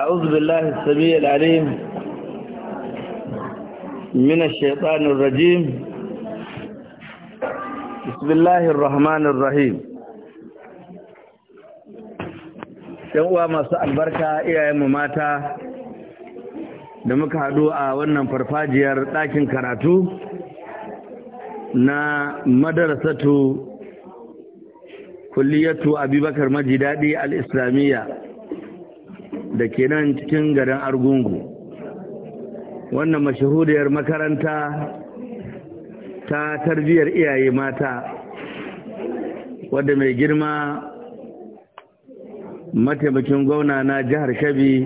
أعوذ بالله السميع العليم من الشيطان الرجيم بسم الله الرحمن الرحيم uwa masu albarka iyayenmu mata da muka haɗu a wannan farfajiyar ɗakin karatu na madarasatu kulliyatu abubakar majidadi al-islamiyya da ke nan cikin garin argungu wannan mashahudiyar makaranta ta tarbiyyar iyaye mata wadda mai girma mataimakin gwamna na jihar shabi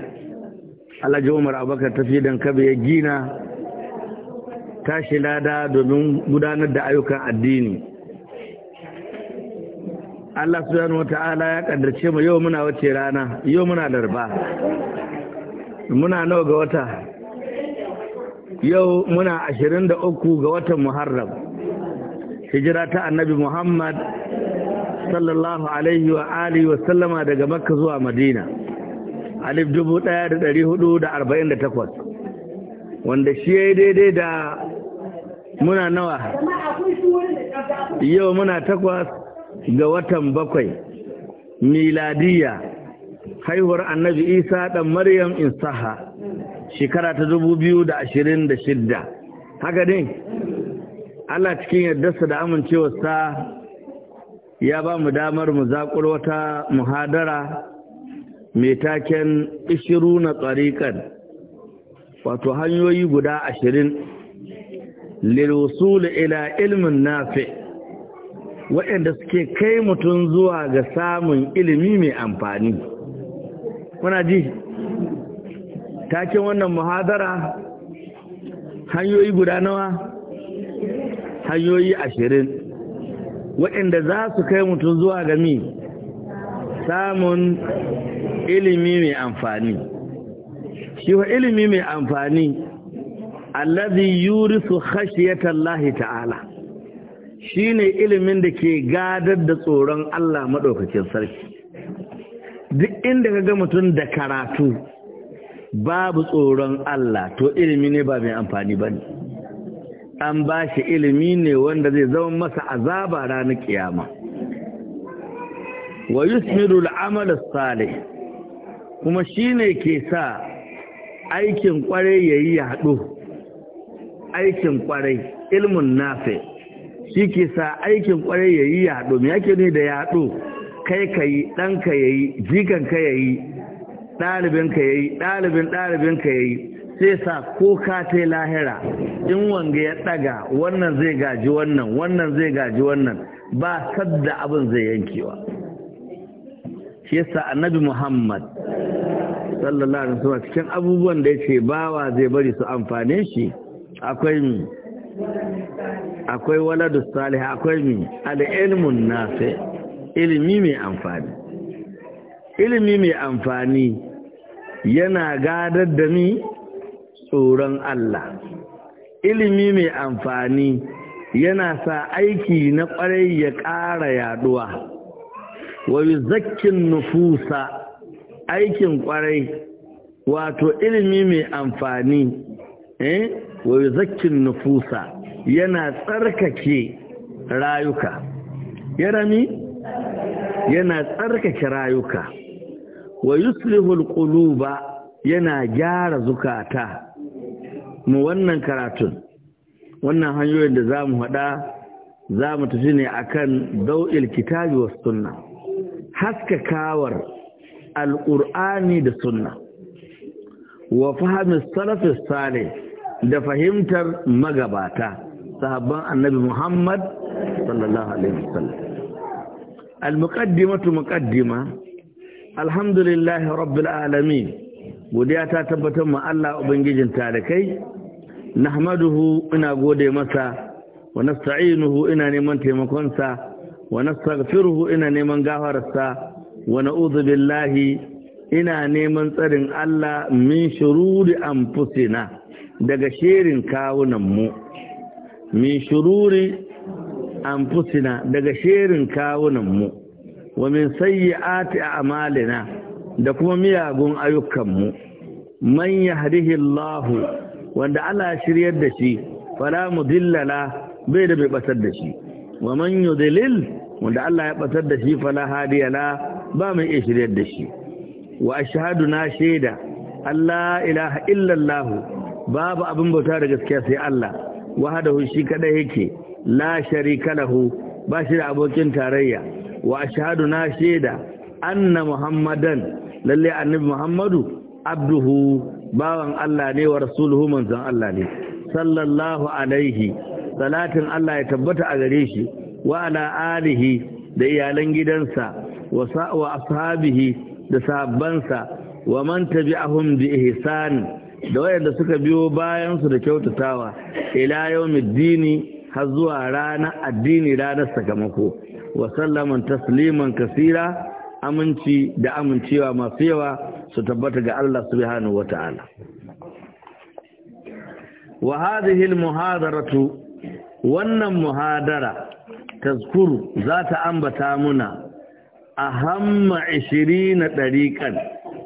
alhaji umar abubakar tafi don ya gina tashi lada domin gudanar da ayyukan addini Allah subhanahu wata'ala ya kaddace mu yau muna wace rana yau muna larba muna nawa ga wata yau muna ashirin da uku ga watan muharram hijira ta annabi muhammad sallallahu alaihi wa alihi wa sallama daga makka zuwa madina alif dubu ɗaya da ɗari hudu da arba'in da takwas wanda shi ya daidai da muna nawa yau muna takwas ga watan bakwai miladiya haihuwar annabi isa ɗan maryam saha, shekara ta dubu biyu da ashirin da shidda haka ne allah cikin yardarsa da sa ya ba mu damar mu zaƙur wata muhadara mai taken ishiru na tsarikan wato hanyoyi guda ashirin lilwusul ila ilmin nafi' waɗanda suke kai mutum zuwa ga samun ilimi mai amfani muna ji taken wannan muhadara hanyoyi guda nawa hanyoyi ashirin waɗanda za su kai mutum zuwa ga mi samun ilimi mai amfani shi wa ilimi mai amfani Allah yuri allazi ya tallahi ta'ala Shi ne ilimin da ke gadar da tsoron Allah maɗaukakin sarki duk inda ka ga mutum da karatu babu tsoron Allah to ilimi ne ba mai amfani ba ne an ba shi ilimi ne wanda zai zama masa azaba ranar kiyama wa yusmiru al'amal salih kuma shine ke sa aikin kwarai yayi haɗu aikin kwarai ilmun nafi' shi ke sa aikin kwarai ya yi yaɗo me yake ne da yaɗo kai ka yi ɗanka ya yi ka ya yi ɗalibinka ya yi ɗalibin ka ya yi sai sa ko ka ta lahira in wanga ya ɗaga wannan zai gaji wannan wannan zai gaji wannan ba sadda abin zai yankewa shi yasa annabi muhammad sallallahu alaihi wasallam cikin abubuwan da ya ce bawa zai bari su amfane shi akwai mu. akwai waladu salih akwai mi al'ilmun nafi ilimi mai amfani ilimi mai amfani yana gadar da ni tsoron Allah ilimi mai amfani yana sa aiki na kwarai ya ƙara yaduwa wa zakkin nufusa aikin kwarai wato ilimi mai amfani eh wa yuzakkin nufusa yana tsarkake rayuka yana mi yana tsarkake rayuka wa yuslihul quluba yana gyara zukata mu wannan karatun wannan hanyoyin da za mu haɗa za mu tafi ne akan dau'il kitabi wa sunna haskakawar alƙur'ani da sunna wa fahimtar salafis salih da fahimtar magabata sahabban annabi Muhammad sallallahu alaihi wasallam al-muqaddimatu muqaddima alhamdulillahi rabbil alamin godiya ta tabbatar ma Allah ubangijin kai. nahmaduhu ina gode masa wa nasta'inuhu ina neman taimakon sa wa nastaghfiruhu ina neman gafararsa wa na'udhu billahi ina neman tsarin Allah min shururi anfusina daga shirin kawunanmu min shururi anfusina daga shirin mu wa min sayyi'ati a'malina da kuma miyagun ayyukanmu man yahdihillahu wanda Allah shiryar da shi fala mudillala bai da bai batar da shi wa man yudlil wanda Allah ya batar da shi fala hadiyala ba mai iya shiryar da shi wa ashhadu na shaida Allah ilaha illallah babu abin bauta da gaskiya sai Allah wahadahu shi kada yake la sharika lahu ba shi da abokin tarayya wa ashhadu na shaida anna muhammadan lalle annabi muhammadu abduhu bawan Allah ne wa rasuluhu manzon Allah ne sallallahu alaihi salatin Allah ya tabbata a gare shi wa ala alihi da iyalan gidansa wa ashabihi da sahabbansa wa man tabi'ahum bi ihsan da wayanda suka biyo bayan su da kyautatawa ila dini har zuwa rana addini ranar sakamako wa sallaman tasliman kasira aminci da amincewa masu yawa su tabbata ga Allah subhanahu wata'ala wa hadhihi almuhadaratu wannan muhadara tazkuru za ta ambata muna ahamma 20 dariqan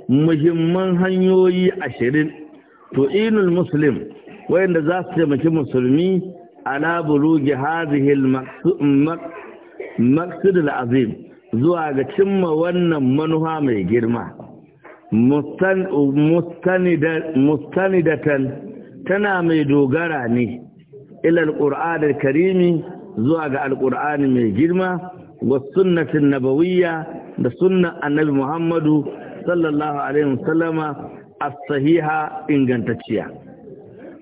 muhimman hanyoyi ashirin tu'inul muslim wayanda za su taimaki musulmi ala bulugi hadhihi al-maqsad al-azim zuwa ga cimma wannan manuha mai girma mustanidatan tana mai dogara ne ila al-qur'an al-karimi zuwa ga al quran mai girma wa sunnatin nabawiyya da sunnan annabi muhammadu sallallahu alaihi wasallama as-sahiha ingantacciya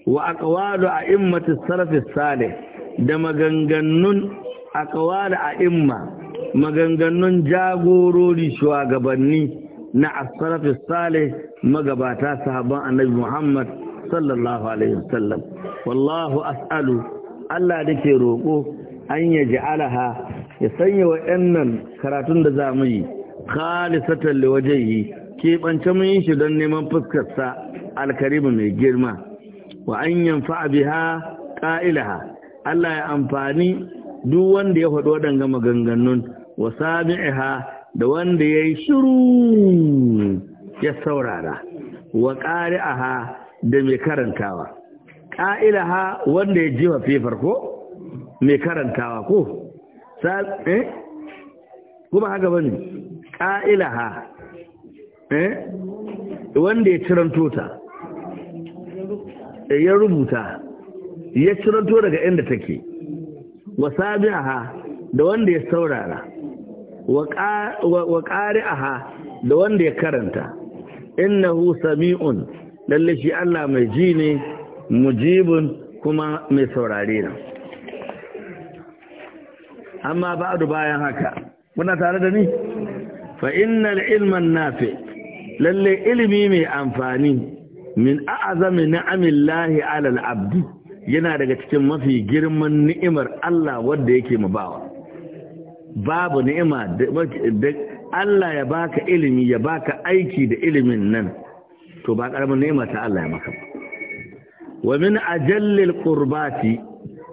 wa aqwalu a'immati salaf salih da maganganun aqwalu a'imma maganganun jagorori shugabanni na as-salaf salih magabata sahaban annabi Muhammad sallallahu alaihi wasallam wallahu as'alu Allah dake roko an alaha ya sanya wa'annan karatun da zamu yi khalisatan liwajhihi keɓance mun yi shi don neman fuskarsa alkarimu mai girma wa an yanfa biha ƙa'ilaha Allah ya amfani duk wanda ya faɗi waɗanga maganganun wa sami'iha da wanda ya yi shiru ya saurara wa ƙari'aha da mai karantawa ƙa'ilaha wanda ya jiwa fefar ko mai karantawa ko eh kuma haka bane ƙa'ilaha Eh? wanda ya ciranto ta eh, ya rubuta ya ciranto daga inda take wa sabiha da wanda ya saurara wa qari'aha da wanda ya karanta innahu sami'un lalle shi Allah mai ji ne mujibun kuma mai saurare ne amma ba'du bayan haka muna tare da ni fa innal ilman nafi' lalle ilimi mai amfani min a'azami ni'amillahi alal abdi yana daga cikin mafi girman ni'imar Allah wanda yake mabawa babu ni'ima da Allah ya baka ilimi ya baka aiki da ilimin nan to ba karamin ni'ima ta Allah ya maka wa min ajallil qurbati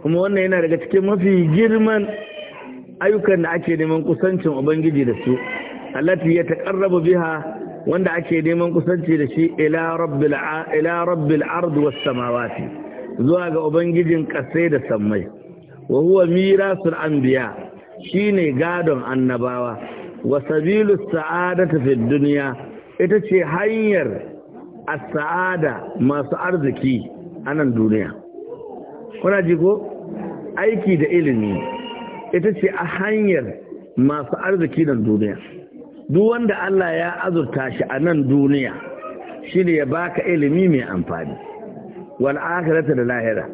kuma wannan yana daga cikin mafi girman ayyukan da ake neman kusancin ubangiji da su allati ya taqarrabu biha wanda ake neman kusanci da shi ila rabbil ila rabbil was samawati zuwa ga ubangijin kasai da sammai wa huwa mirasul anbiya shine gadon annabawa wa sabilu sa'ada fid dunya ita ce hanyar as-sa'ada masu arziki a nan duniya kuna ji ko aiki da ilimi ita ce a hanyar masu arziki nan duniya duk wanda Allah ya azurta shi a nan duniya shi ne ya baka ilimi mai amfani wal akhirata da lahira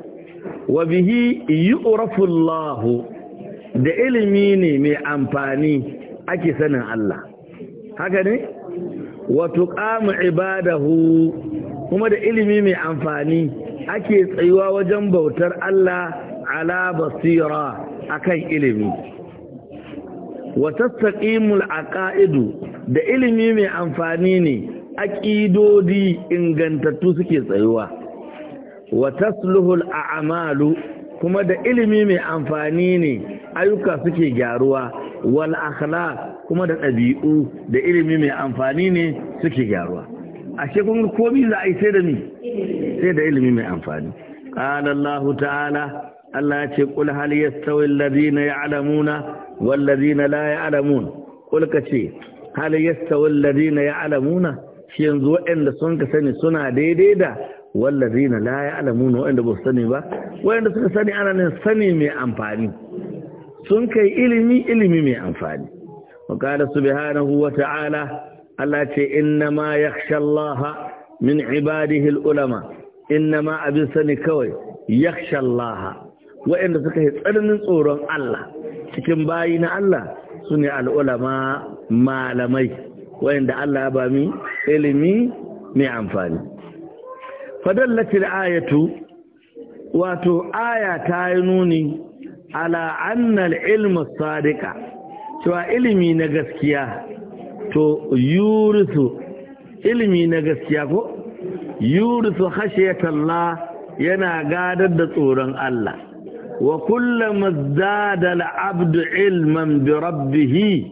wa bihi yu'rafu Allah da ilimi ne mai amfani ake sanin Allah haka ne wa tuqamu ibadahu kuma da ilimi mai amfani ake tsayuwa wajen bautar Allah ala basira akan ilimi watastaqimul aqaidu da ilimi mai amfani ne aqidodi ingantattu suke tsayuwa watasluhul a'malu kuma da ilimi mai amfani ne ayyuka suke gyaruwa wal akhlaq kuma da ɗabi'u da ilimi mai amfani ne suke gyaruwa ashe kun komai za a yi sai da ni sai da ilimi mai amfani qala Allah ta'ala Allah ya ce qul hal yastawi alladhina ya'lamuna wallazina la ya'lamun kul kace hal yastawi allazina ya'lamuna shi yanzu waɗanda sun ka sani suna daidai da wallazina la ya'lamuna waɗanda ba su sani ba waɗanda suka sani ana nan sani mai amfani sun kai ilimi ilimi mai amfani wa qala subhanahu wa ta'ala Allah ce inna ma yakhsha Allah min ibadihi ulama inna ma abin sani kawai yakhsha Allah waɗanda suka yi tsananin tsoron Allah cikin bayi na Allah su ne al'ulama malamai wayanda Allah ba mi ilimi mai amfani fadallatil ayatu wato aya ta yi nuni ala annal ilmi sadika cewa ilimi na gaskiya to yurisu ilimi na gaskiya ko yurisu hashe yana gadar da tsoron Allah wa kullama zada al'abdu ilman bi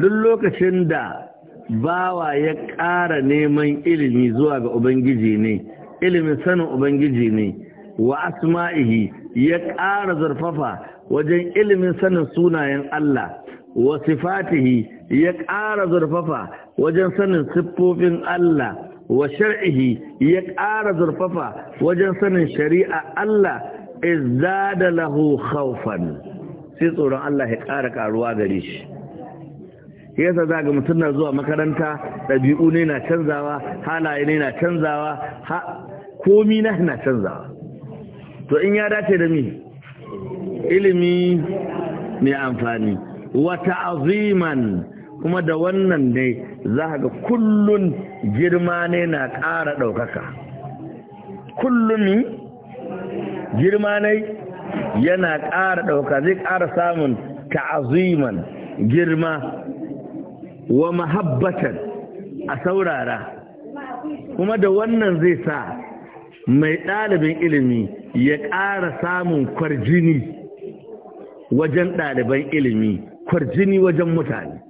duk lokacin da bawa ya ƙara neman ilimi zuwa ga ubangiji ne ilimin sanin ubangiji ne wa asma'ihi ya ƙara zarfafa wajen ilimin sanin sunayen Allah wa sifatihi ya ƙara zurfafa wajen sanin siffofin Allah wa shar'ihi ya ƙara zurfafa wajen sanin shari'a Allah izada lahu khawfan sai tsoron Allah ya ƙara ƙaruwa gare shi yasa za ga mutum na zuwa makaranta ɗabi'u ne na canzawa halaye ne na canzawa komi na na canzawa to in ya dace da mi ilimi mai amfani wata aziman kuma da wannan ne za ga kullun girma ne na ƙara ɗaukaka kullun girma nai yana ƙara ɗauka zai ƙara samun ta'aziman girma wa mahabbatan a saurara kuma da wannan zai sa mai ɗalibin ilimi ya ƙara samun kwarjini wajen ɗaliban ilimi kwarjini wajen mutane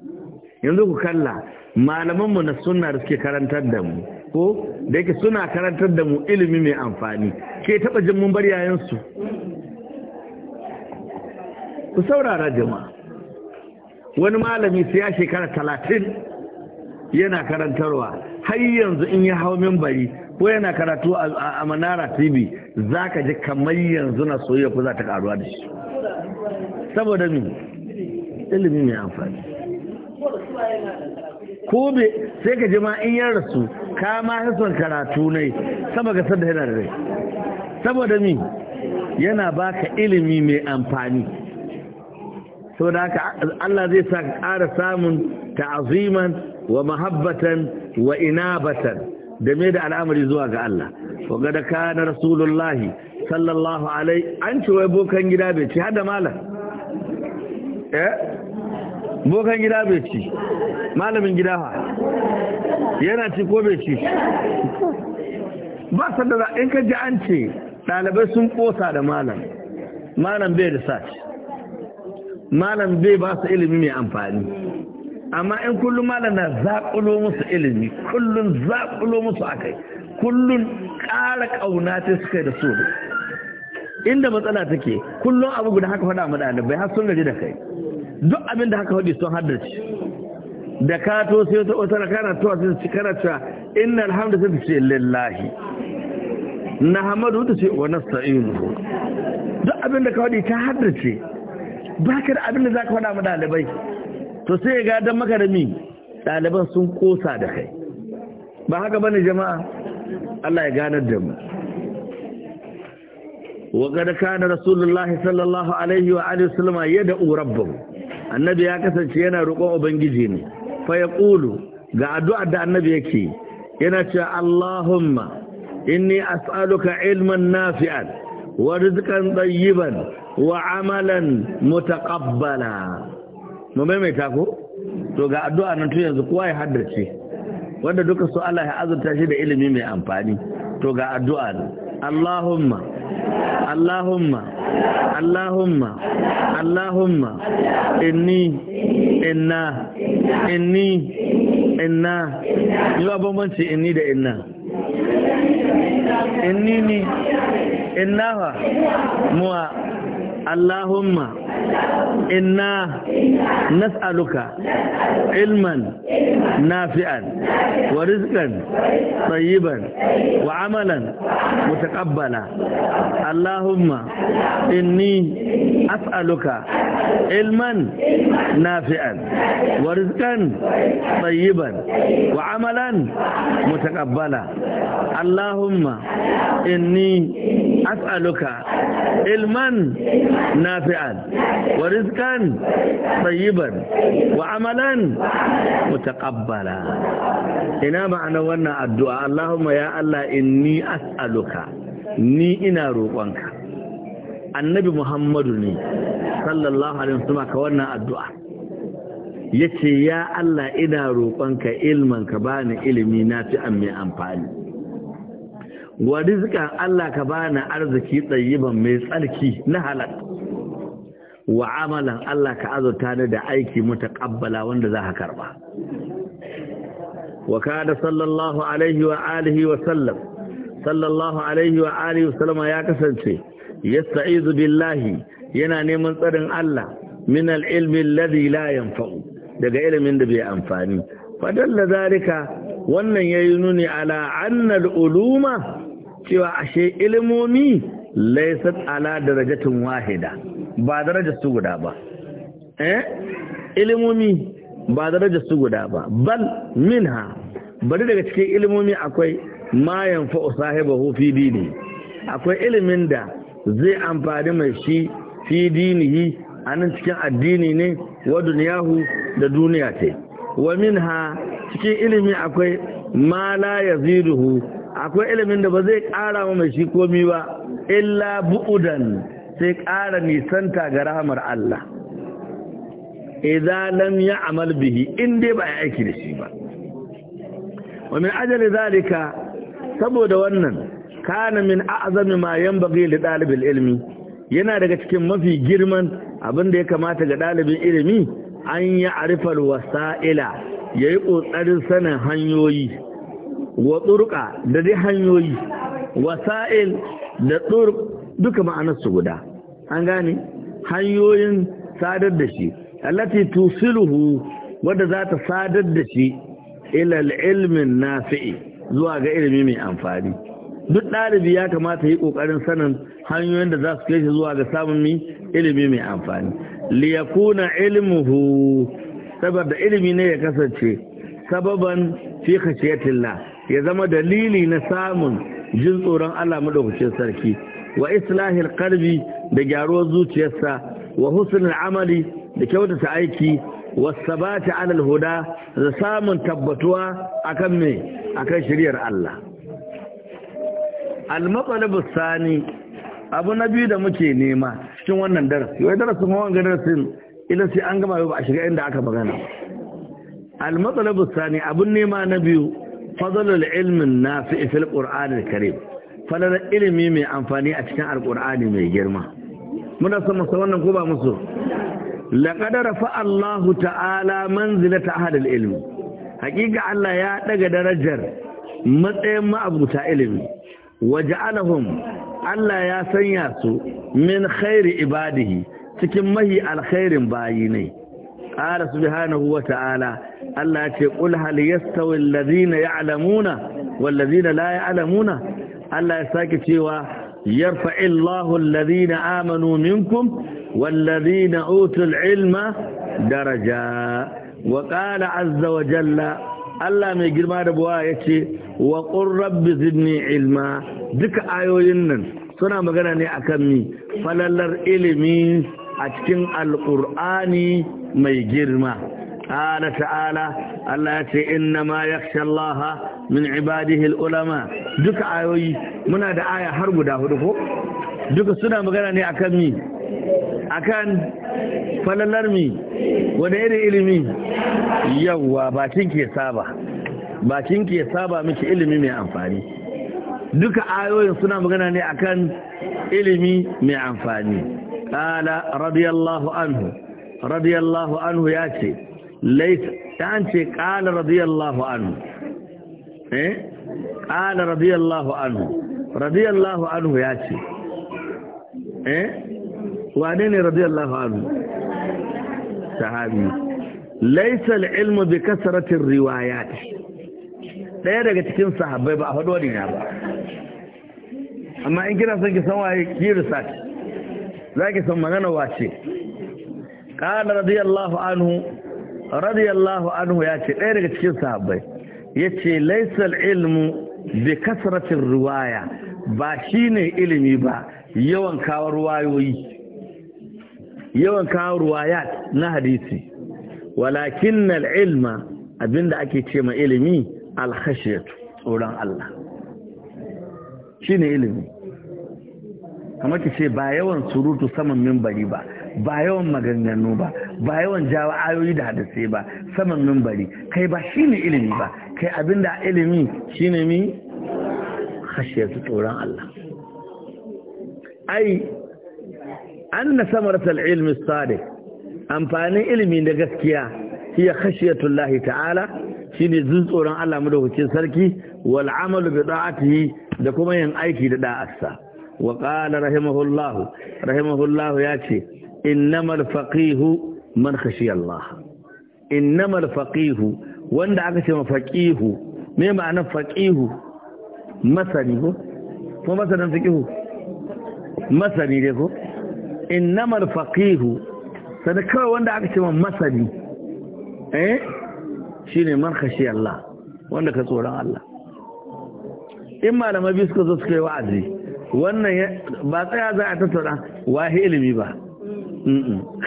yanzu ku kalla malamanmu na sunna da suke karantar da mu ko da yake suna karantar da mu ilimi mai amfani ke taɓa jin mun bar yayansu ku saurara jama'a wani malami sai ya shekara talatin yana karantarwa har yanzu in ya hau mimbari ko yana karatu a manara tv za ji kamar yanzu na soyayya ko za ta karuwa da shi saboda mu ilimi mai amfani ko sai ka jima in ya rasu ka ma son karatu ne sama ga sanda yana rai saboda mi yana baka ilimi mai amfani saboda haka Allah zai sa ka ƙara samun ta'aziman wa mahabbatan wa inabatan da me da al'amari zuwa ga Allah wa gada kana rasulullahi sallallahu alaihi an ci wai bokan gida bai ci hada malam eh? bokan gida bai ci malamin gida ha yana ci ko bai ci ba sanda da in ka ji an ce ɗalibai sun ƙosa da malam malam bai da sace malam bai ba su ilimi mai amfani amma in kullum malam na zaƙulo musu ilimi kullum zaƙulo musu a kai kullum ƙara ƙauna ta suka da so inda matsala take kullum abu guda haka faɗa ma ɗalibai har sun gaji da kai duk abin da haka hudu sun haddace da ka to sai wata wata kana to sai kana ta inna alhamdu sai ce lillahi na hamadu ta ce wa nasta'inu duk abin da ka hudu ta haddace ba ka da abin da za ka faɗa ma dalibai to sai ga dan makarami daliban sun kosa da kai ba haka bane jama'a Allah ya ganar da mu wa كان رسول sallallahu alaihi wa alihi وآله وسلم يدعو ربه annabi ya kasance yana roƙon ubangiji ne fa ya ƙulu ga addu'ar da annabi yake yana cewa Allahumma inni as'aluka ilman nafi'an wa rizqan tsayiban wa amalan mutaqabbala mu maimaita ko to ga addu'a nan tun yanzu kowa ya haddace wanda duka su Allah ya azurta shi da ilimi mai amfani to ga addu'a Allahumma Allahumma Allahumma Allahumma inni inna inni inna yi ba bambanci inni da inna inni ni inna fa muwa Allahumma إنا نسألك علما نافعا ورزقا طيبا وعملا متقبلا اللهم إني أسألك علما نافعا ورزقا طيبا وعملا متقبلا اللهم إني أسألك علما نافعا ورزقا طيبا وعملا متقبلا ina ma'ana wannan addu'a Allahumma ya Allah inni as'aluka ni ina roƙonka annabi Muhammadu ne sallallahu alaihi wasallam ka wannan addu'a yace ya Allah ina roƙonka ilman ka bani ilimi na fi an mai amfani wa rizqan Allah ka bani arziki tsayiban mai tsarki na halal wa amalan Allah ka azurta ni da aiki mutaqabbala wanda za ka karba wa kada sallallahu alaihi wa alihi wa sallam sallallahu alaihi wa alihi wa sallama ya kasance yasta'izu billahi yana neman tsarin Allah min al-ilmi alladhi la yanfa'u daga ilimin da bai amfani fadalla zalika wannan yayi nuni ala anna al-uluma cewa ashe ilimomi laysat ala darajatin wahida ba darajar su guda ba eh ilimomi ba darajar su guda ba bal minha bari daga cikin ilimomi akwai ma yanfa'u sahibahu fi dini akwai ilimin da zai amfani mai shi fi dinihi anan cikin addini ne wa duniyahu da duniya ce wa minha cikin ilimi akwai ma la yaziduhu akwai ilimin da ba zai ƙara mai shi komi ba illa bu'udan sai ƙara nisanta ga rahamar Allah idan lam amal bihi in dai ba ya aiki da shi ba wa min ajali zalika saboda wannan kana min a'zami ma yanbaghi li dalibil ilmi yana daga cikin mafi girman abin da ya kamata ga dalibin ilimi an ya arifa wasa'ila yayi kokarin sanin hanyoyi wa turqa da dai hanyoyi wasa'il da turq duka ma'anar su guda an gane hanyoyin sadar da shi allati tusiluhu wadda za ta sadar da shi ilal ilmin nafi'i zuwa ga ilimi mai amfani duk ɗalibi ya kamata yi ƙoƙarin sanin hanyoyin da za su kai shi zuwa ga samun ilimi mai amfani liyakuna ilmuhu saboda ilimi ne ya kasance sababan fi khashiyatillah ya zama dalili na samun jin tsoron Allah madaukakin sarki wa islahil qalbi da gyaruwar zuciyarsa wa husnul amali da kyautata aiki wa sabati alal huda da samun tabbatuwa akan me akan shiriyar Allah al matsalabus sani abu na biyu da muke nema cikin wannan darasi wai darasin wannan darasin idan sai an gama ba a shiga inda aka magana al matsalabus sani abun nema na biyu fadlul ilmin nafi fil qur'anil karim falalar ilimi mai amfani a cikin alkur'ani mai girma muna son masa wannan ko ba musu laqad rafa Allahu ta'ala manzilata ahadil ilmi hakika Allah ya daga darajar matsayin ma'abuta ilimi waja'alahum Allah ya sanya su min khairi ibadihi cikin mahi alkhairin bayi ne qala subhanahu wa ta'ala Allah ya ce qul hal yastawi alladhina ya'lamuna wal ladhina la Allah ya sake cewa yarfa'illahu alladhina amanu minkum walladhina utul ilma daraja wa qala azza wa jalla Allah mai girma da buwa yace wa qur rabbi zidni ilma duka ayoyin nan suna magana ne akan mi falalar ilimi a cikin alqur'ani mai girma قال تعالى الله يتي إنما يخشى الله من عباده الألماء دك آيوي منا دا آية حرب دا هدفو دك سنة مغناني أكن مي أكن فللر مي ونير إلمي يوا باكين كي سابا باكين كي سابا مكي إلمي مي أنفاني دك آيوي سنة مغناني أكان إلمي مي أنفاني قال رضي الله عنه رضي الله عنه ياتي laisa ta ce ƙala radiyallahu anhu eh ƙala radiyallahu anhu radiyallahu anhu ya ce eh wane ne radiyallahu anhu sahabi laisa al'ilmu bi kasratin riwayat ɗaya daga cikin sahabbai ba a faɗo ne ba amma in kina son ki san waye ki research zaki san magana wace qala radiyallahu anhu radiyallahu anhu ya ce ɗaya daga cikin sahabbai ya ce laisal ilmu bi kasratin ruwaya ba shi ne ilimi ba yawan kawo ruwayoyi yawan kawo ruwaya na hadisi walakin ilma abinda ake ce ma ilimi alkhashiyatu tsoron Allah shi ne ilimi kamar ki ce ba yawan surutu saman mimbari ba ba yawan maganganu ba ba yawan jawo ayoyi da hadisai ba saman mimbari kai ba shine ilimi ba kai abinda ilimi shine mi khashiyatu tsoron Allah ai anna samaratul ilmi sadiq amfanin ilimi da gaskiya hiya khashiyatullahi ta'ala shine jin tsoron Allah madaukakin sarki wal amalu bi da'atihi da kuma yin aiki da da'arsa wa qala rahimahullahu ya ce. innamal faqihu man khashiya Allah innamal faqihu wanda aka ce faqihu me ma'anar faqihu masani ko ko masanin fiqihu masani dai ko innamal faqihu sai kawai wanda aka ce masani eh ne man kashi Allah wanda ka tsoron Allah in malamai biyu suka zo suka yi wa'azi wannan ba tsaya za a tattauna wahi ilimi ba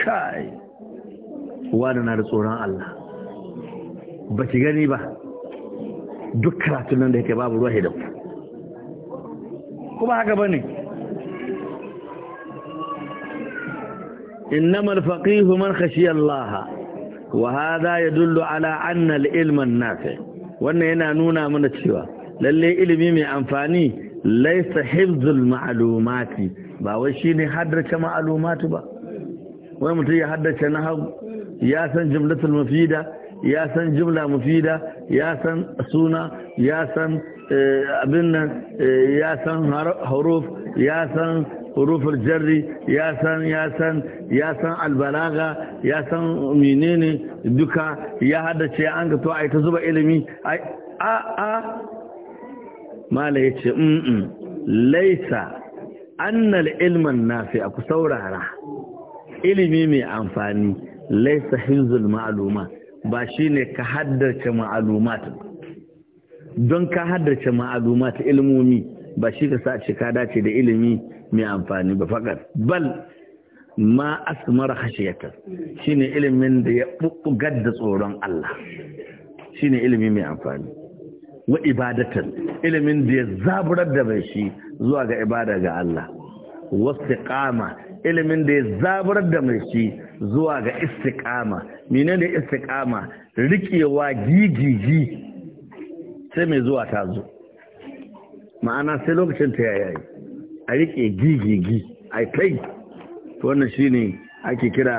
kai wani da tsoron Allah ba ki gani ba duk karatun nan da yake babu ruwa hidan kuma haka ba ne inna malfaƙihu man khashiyar Allah wa ya dullo ala annal ilman nafe wannan yana nuna mana cewa lallai ilimi mai amfani laisa hibzul ma'alumati ba wai shi ne haddace ma'alumati ba wani mutum ya haddace na hagu ya san jimlatul mufida ya san jimla mufida ya san suna ya san eh, abin nan eh, ya san huruf ya san huruful jarri ya san ya san ya san albalaga ya san menene duka ya haddace an ga to ai ta zuba ilimi a a mala yace mm laisa annal ilman nafi ku saurara ilimi mai amfani laisa hinzul ma'aluma ba shine ka haddace ma'alumat don ka haddace ma'alumat ilmomi ba shi ka sa ka dace da ilimi mai amfani ba fakat bal ma asmar hashiyata ne ilimin da ya bubbugar da tsoron Allah shi ne ilimi mai amfani wa ibadatan ilimin da ya zaburar da bai shi zuwa ga ibada ga Allah wasu wastiqama ilimin da ya zabar da mai shi zuwa ga istiqama menene istiqama rikewa gigigi sai mai zuwa ta zo ma'ana sai lokacin ta yayi a rike gigigi a kai wannan shi ne ake kira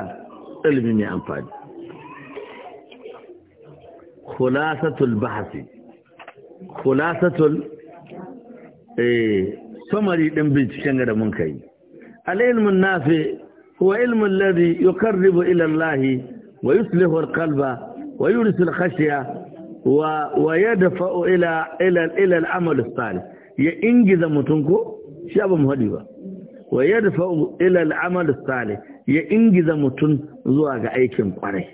ilimin mai amfani khulasatul bahasi khulasatul eh summary din binciken da mun kai العلم النافع هو علم الذي يقرب إلى الله ويصلح القلب ويورث الخشية ويدفع إلى إلى إلى العمل الصالح ينجز متنكو شاب مهدي ويدفع إلى العمل الصالح ينجز متن زواج أيكم قري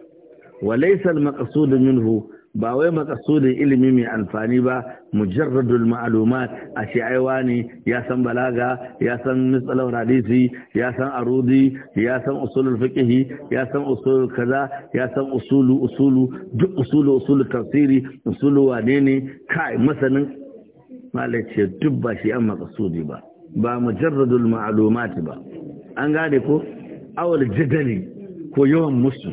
وليس المقصود منه ba wai makasudin ilimi mai amfani ba mujarradul ma'lumat a shi aiwa ne ya san balaga ya san misalar radisi ya san arudi ya san usulul fiqhi ya san usulul kaza ya san usulu usulu duk usulu usulu tafsiri usulu wane ne kai masanin malace duk ba shi an makasudi ba ba mujarradul ma'lumat ba an gane ko awal jadali ko yawan musu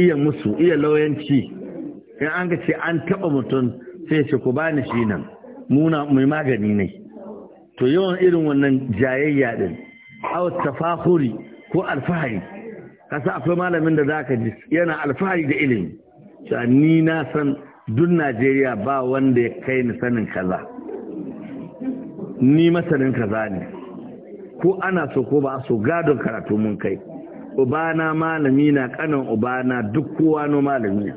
iya musu iya lauyanci in an ga ce an taɓa mutum sai ce ku bani shi nan muna mai magani ne to yawan irin wannan jayayya din aw tafahuri ko alfahari kasa akwai malamin da zaka ji yana alfahari da ilimi ta ni na san duk Najeriya ba wanda ya kai ni sanin kaza ni masanin kaza ne ko ana so ko ba so gadon karatu mun kai ubana malami na kanan ubana duk kowa no malami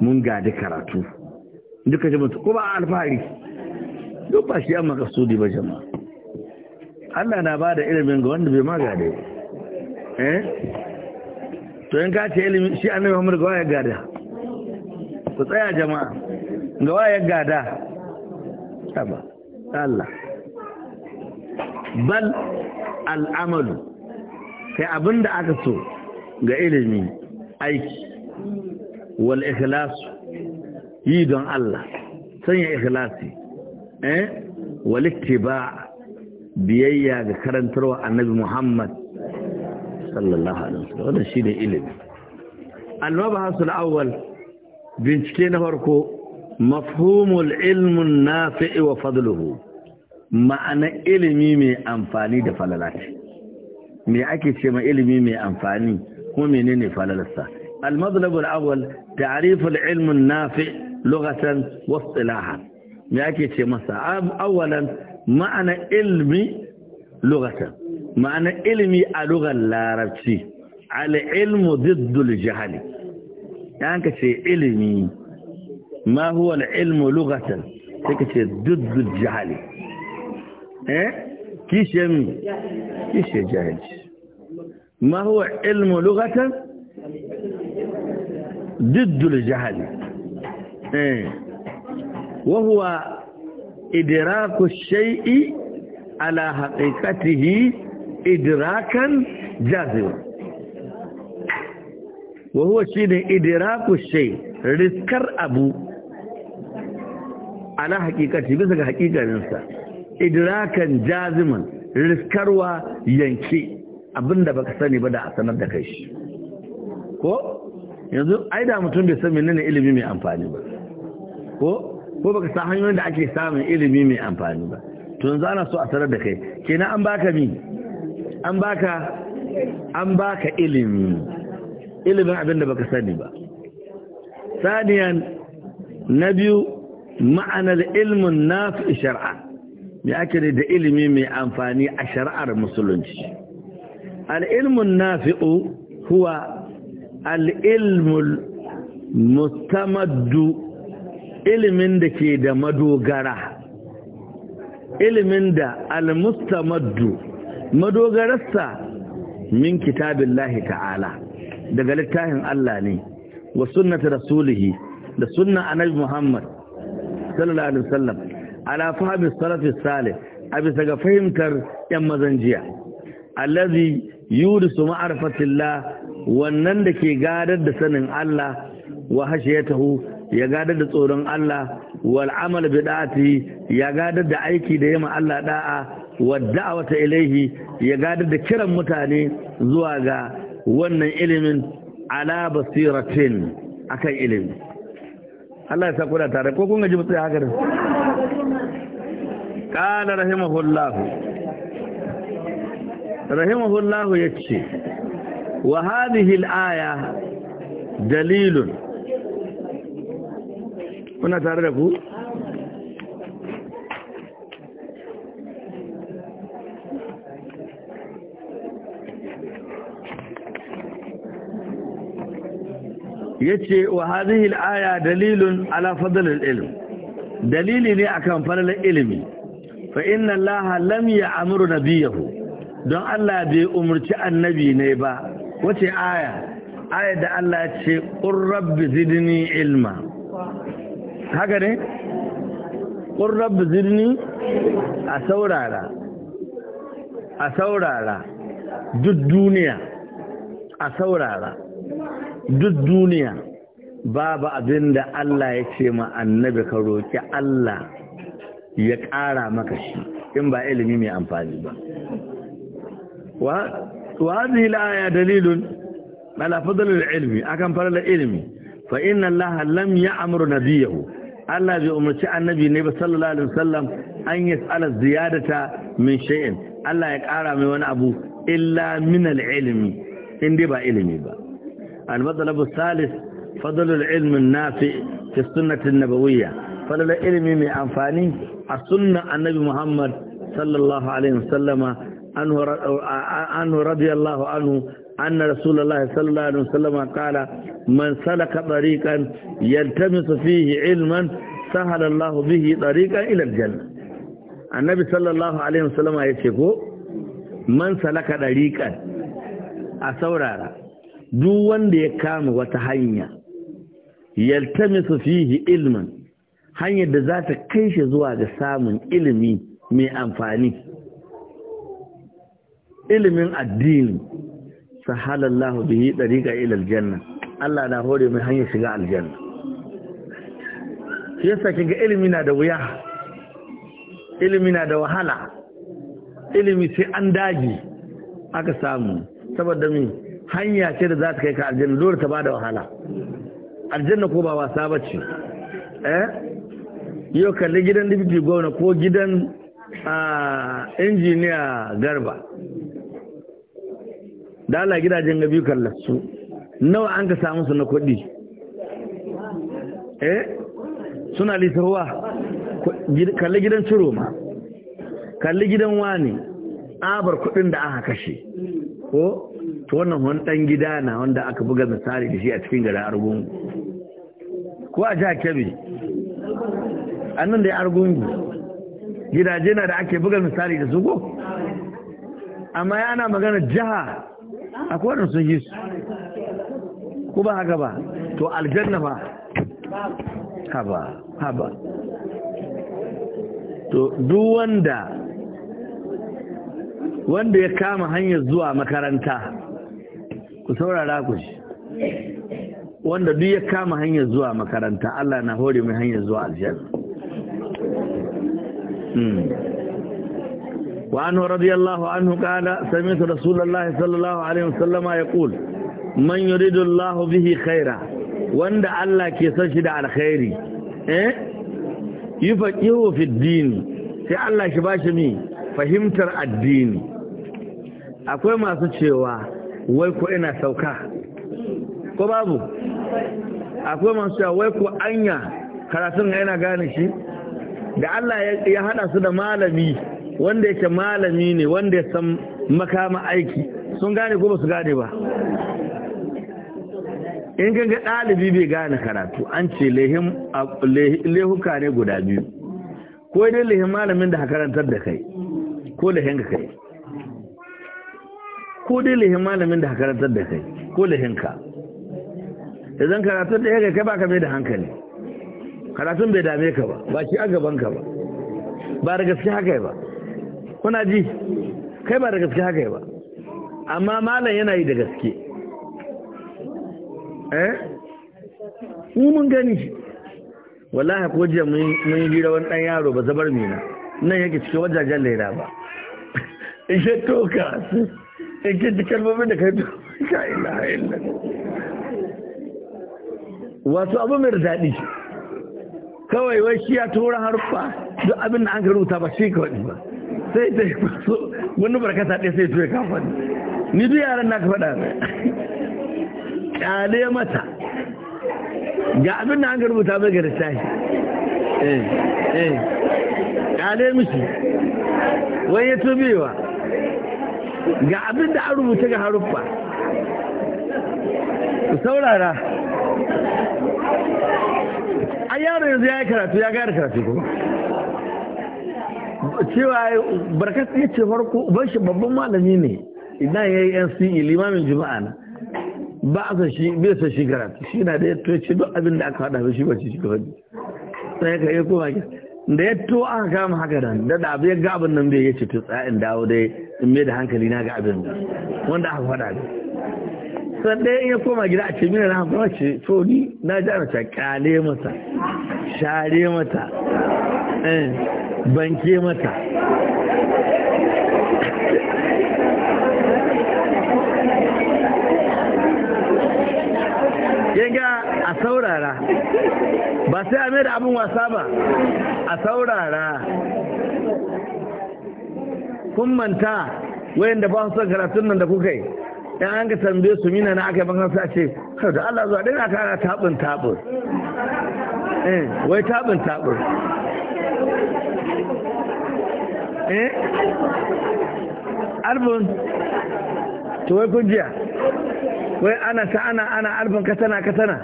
mun gadi karatu duka jama'a ko ba alfahari duk ba shi amma kasudi ba jama'a Allah na ba da ilimin ga wanda bai ma gade eh to in ka ce ilimin shi annabi Muhammad ga waya gada ku tsaya jama'a ga waya gada taba Allah bal al'amalu kai abinda aka so ga ilimi aiki wal ikhlas yi don Allah sanya ikhlasi eh wal ittiba biyayya ga karantarwa annabi Muhammad sallallahu alaihi wasallam wannan shine ilimi al-mabhasu al-awwal bincike na farko mafhumul ilmun nafi'i wa fadluhu ma'ana ilimi mai amfani da falalati me ake ce ma ilimi mai amfani ko menene falalarsa المطلب الأول تعريف العلم النافع لغة واصطلاحا يأكي شي مسا أولا معنى علمي لغة معنى علمي اللغة العربية العلم ضد الجهل يعني شيء علمي ما هو العلم لغة تكشي ضد الجهل إيه كيش يمي كيش جاهل ما هو علم لغة diddul jahali eh wa huwa idraku shay'i ala haqiqatihi idrakan jazima wa huwa shine idraku shay riskar abu ala haqiqati bisa ga haqiqaninsa idrakan jaziman riskarwa yanki abinda baka sani ba da a sanar da kai shi ko yanzu ai da mutum bai san menene ilimi mai amfani ba ko ko baka san hanyoyin da ake samun ilimi mai amfani ba to yanzu ana so a sanar da kai kenan an baka mi an baka an baka ilimi ilimin abin da baka sani ba saniyan na biyu ma'anar ilmin nafi shar'a me ake da ilimi mai amfani a shari'ar musulunci al-ilmun nafi'u huwa al'ilmul mustamaddu ilimin da ke da madogara ilimin da al-mustamaddu madogararsa min kitabillahi ta'ala daga littafin Allah ne wa sunnata rasulihi da sunna annabi Muhammad sallallahu alaihi wasallam ala fahmi salafis salih a bisa ga fahimtar yan mazan jiya allazi yurisu ma'arifatillah wannan da ke gadar da sanin Allah wa hashe ya gadar da tsoron Allah Wal'amal amal bi da'ati ya gadar da aiki da yamma Allah da'a a wata ilaihi ya gadar da kiran mutane zuwa ga wannan ilimin ala basiratin akan ilimi Allah ya sa kuna tare ko kun gaji mutsaya haka da qala rahimahullahu رحمه الله يكشي وهذه الآية دليل هنا تعرفوا يتشي وهذه الآية دليل على فضل العلم دليل لي أكام العلم فإن الله لم يأمر نبيه don Allah bai umarci annabi ne ba wace aya aya da Allah ce qur rabbi zidni ilma haka ne qur rabbi zidni a saurara a saurara duk duniya a saurara duk duniya babu abin da Allah ya ce ma annabi ka roƙi Allah ya ƙara maka shi in ba ilimi mai amfani ba وهذه الآية دليل على akan العلم أكم fa العلم فإن الله لم يأمر نبيه Allah bai umarci annabi ne ba sallallahu alaihi wasallam an yas'ala ziyadata min shay'in Allah ya ƙara mai wani abu illa min al-ilmi in dai ba ilimi ba al-madlab salis fadl al-ilm an-nafi fi sunnah an-nabawiyya fadl ilmi mai amfani a sunnan annabi Muhammad sallallahu alaihi wasallama anhu radiyallahu anhu anna rasulullahi sallallahu alaihi wasallam qala man salaka tariqan yaltamisu fihi ilman sahala Allah bihi tariqan ila aljanna annabi sallallahu alaihi wasallam yace ko man salaka tariqan a saurara duk wanda ya kama wata hanya yaltamisu fihi ilman hanyar da za ta kai shi zuwa ga samun ilimi mai amfani ilimin addini sahalallahu bihi dariqa ila aljanna Allah na hore mai hanyar shiga aljanna shi yasa kinga ilimi na da wuya ilimi na da wahala ilimi sai an daji aka samu saboda mi hanya ce da za ta kai ka aljanna dole ta bada wahala aljanna ko ba wasa bace eh yau kalli gidan dibiti gwamna ko gidan ah, injiniya garba da Allah gidajen ga biyu nawa an ka samu su na kuɗi eh suna litarwa kalli gidan ciro ma kalli gidan wani abar kuɗin da aka kashe ko to wannan wani ɗan gida na wanda aka buga misali da shi a cikin garin argungu ko a jihar kebbi annan da ya argungu gidaje na da ake buga misali da su ko amma yana magana jiha akwai wadanda sun yi su ko ba haka ba to aljanna ba haba haba to duk wanda wanda ya kama hanyar zuwa makaranta ku saurara ku shi wanda duk ya kama hanyar zuwa makaranta Allah na hore mai hanyar zuwa aljanna hmm. وعنه رضي الله عنه قال سمعت رسول الله صلى الله عليه وسلم يقول من يريد الله به خيرا وند الله كي سنشد على خيري إيه؟ في الدين sai Allah shi ba shi mi fahimtar addini akwai masu cewa wai ko ina sauka ko babu akwai masu cewa wai ko anya karatun yana gane shi da Allah ya hada su da malami wanda yake malami ne wanda ya san makama aiki sun gane ko ba su gane ba in ganga ɗalibi bai gane karatu an ce lehuka ne guda biyu ko dai lehin malamin da karantar da kai ko lehin ka kai ko dai lehin malamin da karantar da kai ko lehin ka idan karatun da ya kai baka mai da hankali karatun bai dame ka ba ba shi a gaban ka ba ba da gaske haka ba kuna ji kai ba da gaske haka ba amma malam yana yi da gaske eh mun gani wallahi ko jiya mun yi rawan wani dan yaro ba zabar mina nan yake cikin wajajen laira ba ishe toka yake ji kalmomin da kai ka ila illa wasu abu mai daɗi kawai wai shi ya tura harfa duk abin da an ka rubuta ba shi kawai ba sai ta yi kwaso wani barkata ɗaya sai tuwe kafin ni duk yaran na ka faɗa mai ƙyale mata ga abin da an garbuta mai ga littafi eh eh ƙyale mishi wani ya tubewa ga abin da an rubuta ga haruffa ku saurara a yaro yanzu ya yi karatu ya gane karatu kuma cewa barkat ya ce farko uban shi babban malami ne idan ya yi NCE limamin juma'a na ba a san shi bai san shi gara shi na da ya to ce duk abin da aka hada shi ba shi shi kawai sai ka yi kuma ki da ya to aka kama haka da da abu ya ga abin nan bai ya ce to tsayin dawo dai in mai da hankali na ga abin da wanda aka hada da sai ɗaya in ya koma gida a ce mina na hankali ce to ni na ji ana kyale mata share mata eh. banke mata yanga a saurara ba sai a mai da abin wasa ba a saurara kun manta wayanda ba su son karatun nan da kuka yi ɗan an ga tambaye su mina na aka yi bakan sa ce kar da Allah zuwa dai na kara tabin tabin eh wai tabin tabin eh alfin to wai kujiya wai ana ta ana ana albun katana katana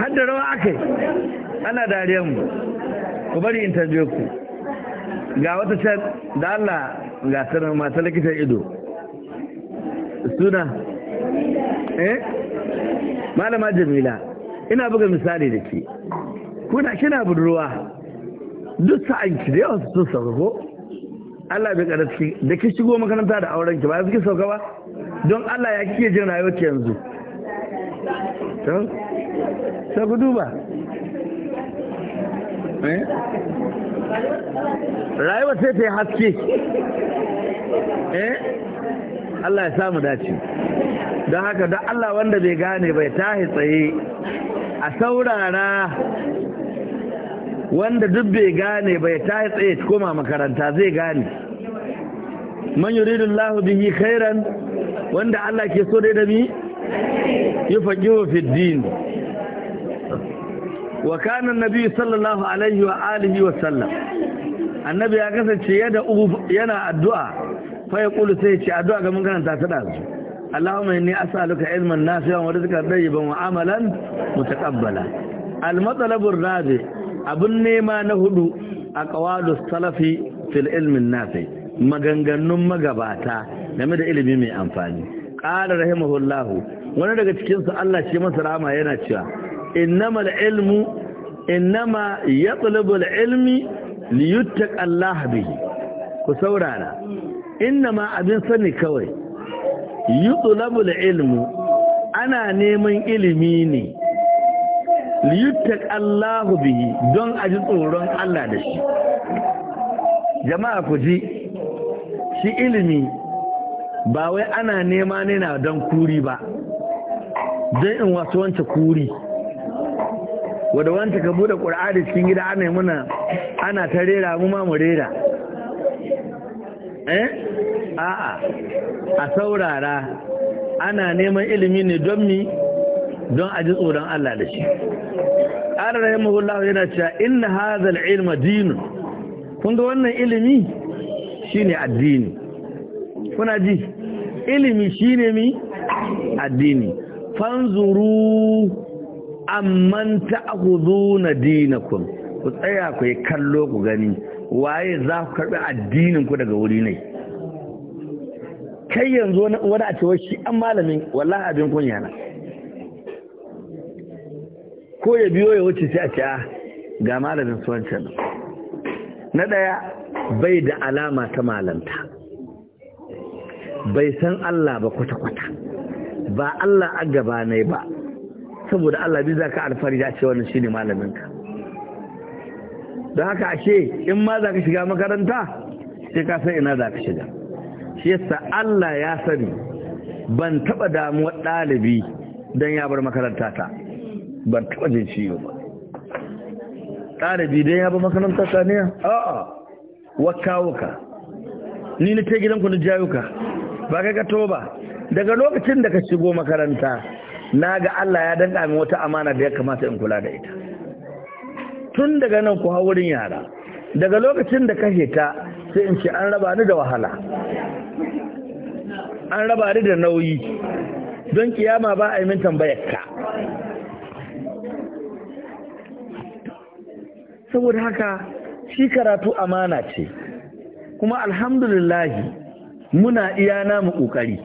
har da rawa ake ana dariyar mu ku bari in tarbiyo ku ga wata can da Allah ga sanar masu likitan ido suna eh malama jamila ina buga misali da ke kuna kina budurwa duk sa'an ki da yawan sun sauka ko Allah bai kada ciki da ki shigo makaranta da auren ki ba ki sauka ba don Allah ya kike jin rayuwar ki yanzu to sai ku duba eh? rayuwa sai ta yi haske eh Allah ya samu dace don haka da Allah wanda bai gane bai ta tsaye a saurara wanda duk bai gane bai ta tsaye koma makaranta zai gane man yuridu Allah bihi khairan wanda Allah ke so dai da mi yufaqihu wa din wa kana annabi sallallahu alaihi wa alihi wa sallam annabi ya kasance yada yana addu'a fa ya kulu sai ce addu'a ga mun karanta ta dazu Allahumma inni as'aluka ilman nafi'an wa rizqan tayyiban wa amalan mutaqabbala al-matlabu rabi abin nema na hudu a kawalus salafi fil ilmin nafi maganganun magabata game da ilimi mai amfani ƙara rahimahullahu wani daga cikinsu Allah shi masa rama yana cewa innama ilmu innama ya tsulubul ilmi liyuttak Allah bihi ku saurara innama abin sani kawai yi tsulubul ilmu ana neman ilimi ne liyuttaq Allahu bihi don aji tsoron Allah da shi jama'a ku ji shi ilimi ba wai ana nema ne na don kuri ba don in wasu wance kuri wadda wance ka bude ƙur'ani cikin gida ana muna ana ta rera mu ma mu rera eh a'a a saurara ana neman ilimi ne don mi don a ji tsoron Allah da shi ƙara Allah yana cewa inna hazal ilma dinu kun ga wannan ilimi shine addini kuna ji ilimi shine mi addini fanzuru amman na dinakun, ku tsaya ku yi kallo ku gani waye za ku karɓi addininku daga wuri ne kai yanzu wani a cewa shi an malamin wallahi abin kunya na ko ya biyo ya wuce sai a ce ah, ga malamin suwancan na ɗaya bai da alama ta malanta bai san Allah ba kwata-kwata ba Allah a gaba ba saboda Allah bi za ka alfari da ce wannan shine malaminka don haka ashe in ma za ka shiga makaranta sai ka san ina za ka shiga shi yasa Allah ya sani ban taɓa damuwar ɗalibi don ya bar makaranta ta ban taɓa jin ciwo ba ɗalibi dai ya ba makaranta saniya a'a wakawuka ni na ta gidanku na jayuka ba kai ka toba. daga lokacin da ka shigo makaranta na ga Allah ya danka min wata amana da ya kamata in kula da ita tun daga nan ku wurin yara daga lokacin da ka heta sai in ce an raba ni da wahala an raba ni da nauyi don kiyama ba a yi min tambayar ka saboda haka shi karatu amana ce kuma alhamdulillahi muna iya namu ƙoƙari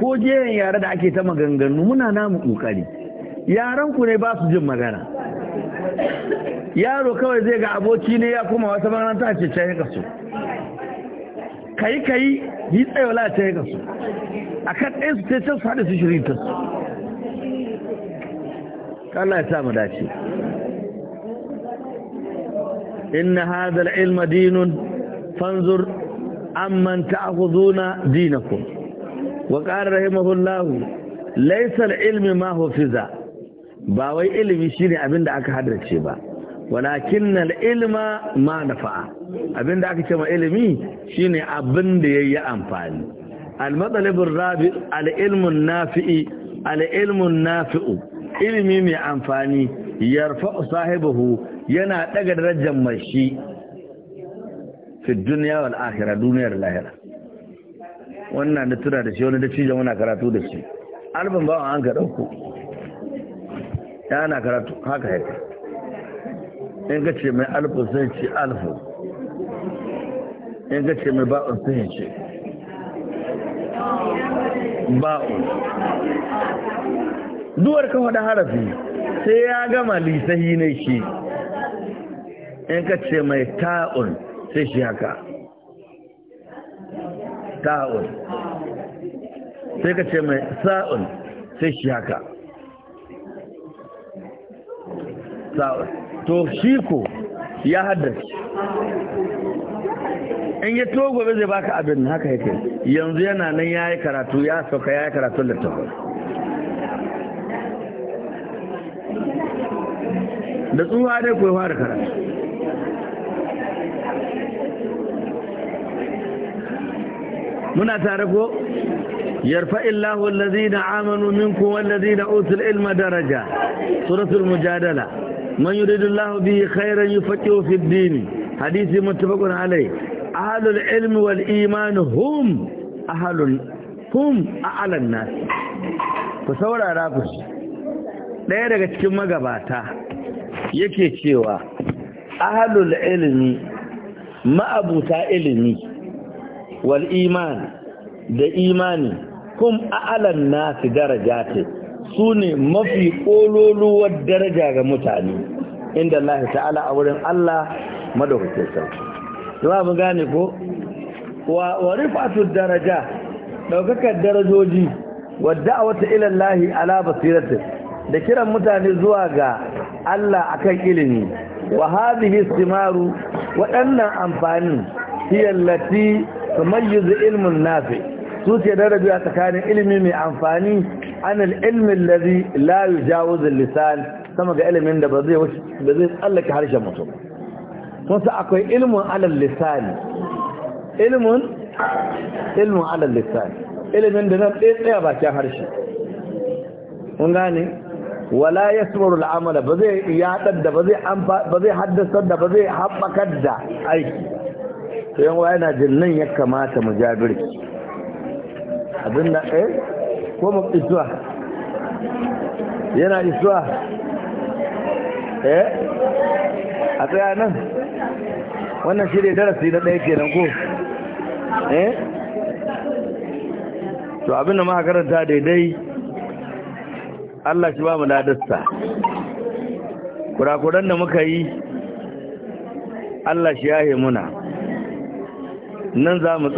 ko jeren yare da ake ta maganganu muna namu ƙoƙari yaranku ne ba su jin magana yaro kawai zai ga aboki ne ya kuma wata makaranta ce can ya kaso kayi kai yi tsayola ta yi kasu a kan ɗaya su ce can su haɗe su shirin ta su Allah ya sa mu dace إن هذا العلم دين فانظر عمن تأخذون دينكم وقال رحمه الله ليس العلم ما هو فزا باوي علمي شيني أبين دعك حدرك شبا ولكن العلم ما نفع أبين دعك شما علمي شيني أبين دي أمفاني المطلب الرابع العلم النافئ العلم النافئ علمي مي amfani يرفع صاحبه yana ɗaga darajar mashi fi duniya wal akhirah duniyar lahira wannan da tura da shi wani da cijin karatu da shi albin bawan an ka ya yana karatu haka haka in ka ce mai alfu sun ce alfu in ka ce mai ba'un sai ce ba'un duwar kan wada harafi sai ya gama lisahi na shi in ka ce mai ta'un sai shi haka ta'un sai ka ce mai sa'un sai shi haka sa'un to shi ko ya haddace in yi to gobe zai baka abin haka yake yanzu yana nan ya yi karatu ya sauka ya yi karatun littafin da tsuwa dai kuwa fara karatu muna tare ko yarfa illahu allazina amanu minkum wallazina utul ilma daraja suratul mujadala man yuridullahu bihi khairan yufaqihu fid din hadisi muttafaqun alayhi ahlul ilmi wal iman hum ahlul hum a'lan nas ku saurara ku daya daga cikin magabata yake cewa ahlul ilmi abuta ilmi wal iman da imani kum a'alan daraja daraja su ne mafi ƙololuwar daraja ga mutane inda Allah ta'ala a wurin Allah madaukakin sarki zuwa mu gane ko wa warifatu daraja daukakar darajoji wa wata ila Allah ala basirati da kiran mutane zuwa ga Allah akan ilimi wa hadhihi istimaru waɗannan amfani latti. tamayyizu ilmin nafi su ce darabiya tsakanin ilimi mai amfani anil ilmin lazi la yujawizu lisan sama ga ilimin da ba zai tsallake harshen mutum sun sa akwai ilmin alal lisan ilmin alal lisan ilimin da na tsaya bakin harshe kun gane wala yasmaru amala, ba zai yadar da ba zai da ba zai haɓakar da aiki to yan wa yana jin nan ya kamata mu jabiri abin da eh ko mu isuwa yana isuwa eh a tsaya nan wannan shi darasi na ɗaya kenan ko eh to abin da muka karanta daidai Allah shi ba mu ladarsa kurakuran da muka yi Allah shi yahe muna 那咱们。